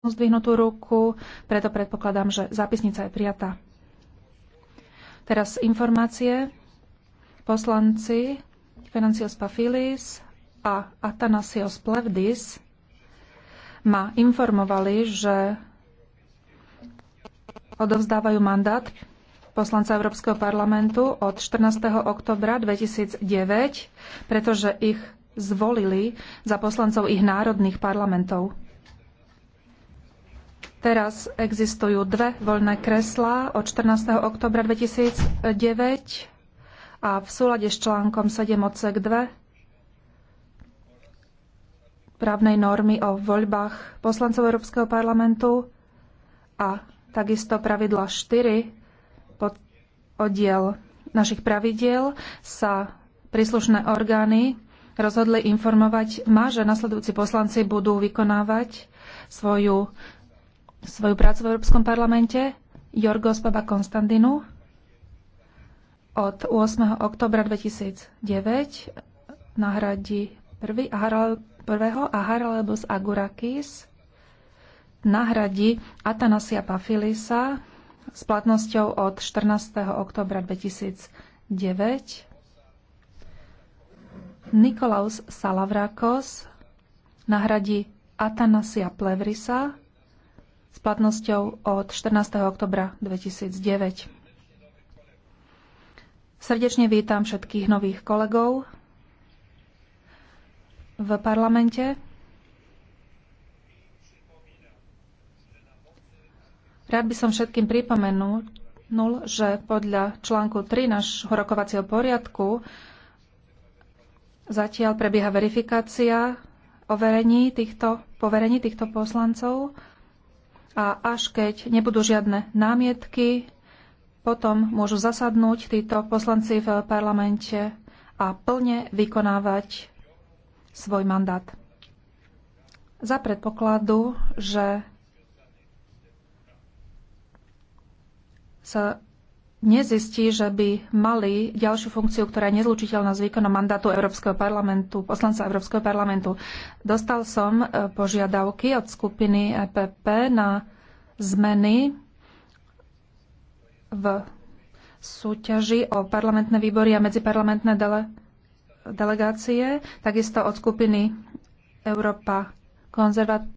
zdvihnutú ruku, preto predpokladám, že zápisnica je prijatá. Teraz informácie. Poslanci Financios Pafilis a Atanasios Plevdis ma informovali, že odovzdávajú mandát poslanca Európskeho parlamentu od 14. oktobra 2009, pretože ich zvolili za poslancov ich národných parlamentov. Teraz existujú dve voľné kreslá od 14. oktobra 2009 a v súlade s článkom 7 odsek 2 právnej normy o voľbách poslancov Európskeho parlamentu a takisto pravidla 4 pod oddiel našich pravidiel sa príslušné orgány rozhodli informovať ma, že nasledujúci poslanci budú vykonávať svoju svoju prácu v Európskom parlamente Jorgos baba Konstantinu od 8. oktobra 2009 nahradí prvý Aharal, prvého a Haralebus Agurakis nahradí Atanasia Pafilisa s platnosťou od 14. oktobra 2009 Nikolaus Salavrakos nahradí Atanasia Plevrisa s platnosťou od 14. oktobra 2009. Srdečne vítam všetkých nových kolegov v parlamente. Rád by som všetkým pripomenul, že podľa článku 3 nášho rokovacieho poriadku zatiaľ prebieha verifikácia overení týchto, poverení týchto poslancov a až keď nebudú žiadne námietky, potom môžu zasadnúť títo poslanci v parlamente a plne vykonávať svoj mandát. Za predpokladu, že sa nezistí, že by mali ďalšiu funkciu, ktorá je nezlučiteľná s výkonom mandátu Európskeho parlamentu, poslanca Európskeho parlamentu. Dostal som e, požiadavky od skupiny EPP na zmeny v súťaži o parlamentné výbory a medziparlamentné dele, delegácie, takisto od skupiny Európa konzervatívna